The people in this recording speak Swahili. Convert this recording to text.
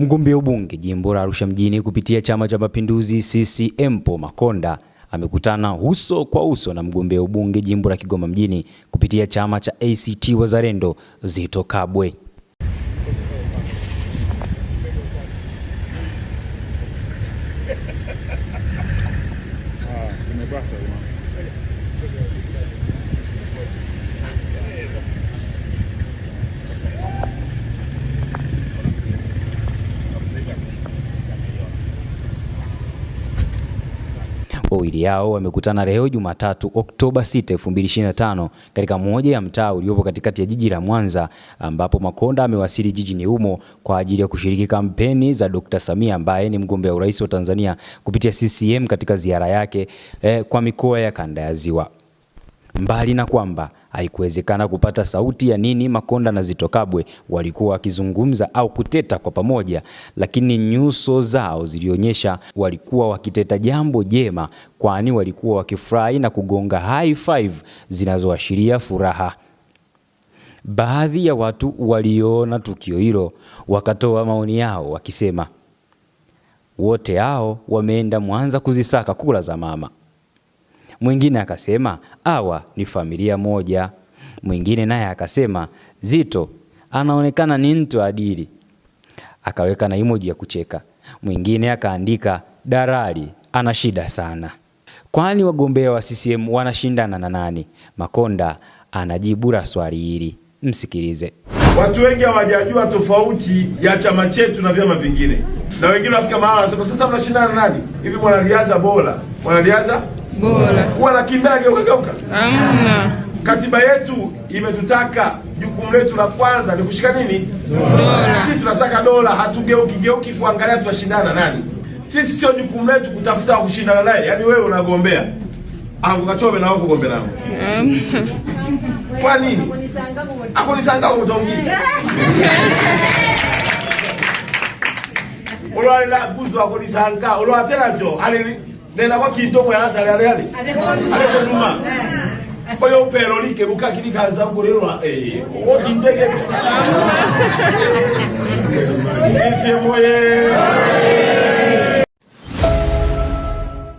Mgombea ubunge jimbo la Arusha mjini kupitia Chama cha Mapinduzi CCM Paul Makonda amekutana uso kwa uso na mgombea ubunge jimbo la Kigoma mjini kupitia chama cha ACT Wazalendo Zitto Kabwe. Ah, wawili yao wamekutana leo Jumatatu Oktoba 6, 2025 katika moja ya mtaa uliopo katikati ya jiji la Mwanza ambapo Makonda amewasili jijini humo kwa ajili ya kushiriki kampeni za Dr. Samia ambaye ni mgombea urais wa Tanzania kupitia CCM katika ziara yake eh, kwa mikoa ya kanda ya Ziwa mbali na kwamba haikuwezekana kupata sauti ya nini Makonda na Zitto Kabwe walikuwa wakizungumza au kuteta kwa pamoja, lakini nyuso zao zilionyesha walikuwa wakiteta jambo jema, kwani walikuwa wakifurahi na kugonga high five zinazoashiria furaha. Baadhi ya watu waliona tukio hilo wakatoa maoni yao wakisema, wote hao wameenda Mwanza kuzisaka kula za mama. Mwingine akasema awa ni familia moja. Mwingine naye akasema zito anaonekana ni mtu adili, akaweka na emoji ya kucheka. Mwingine akaandika Dalali ana shida sana, kwani wagombea wa CCM wanashindana na nani? Makonda anajibu la swali hili, msikilize. Watu wengi hawajajua tofauti ya chama chetu na vyama vingine, na wengine wafika mahala sasa, mnashindana na nani? Hivi mwanariadha bora, mwanariadha bora. Kuwa na kibali kageuka hamna. Katiba yetu imetutaka jukumu letu la kwanza ni kushika nini? Dola. Sisi tunasaka dola, hatugeuki geuki kuangalia tunashindana nani. Sisi sio jukumu letu kutafuta wa kushindana naye. Yaani wewe unagombea angu kachome na wako gombe langu kwa nini Ako Ulo alila akunisanga ako ulwalela Ulo atena jo. Alili nethagwo ti ndå mwe yatarä arä arä arä numa å yå pero rikä gå kakiri kanca kå rä rora gå tindä gä cici moye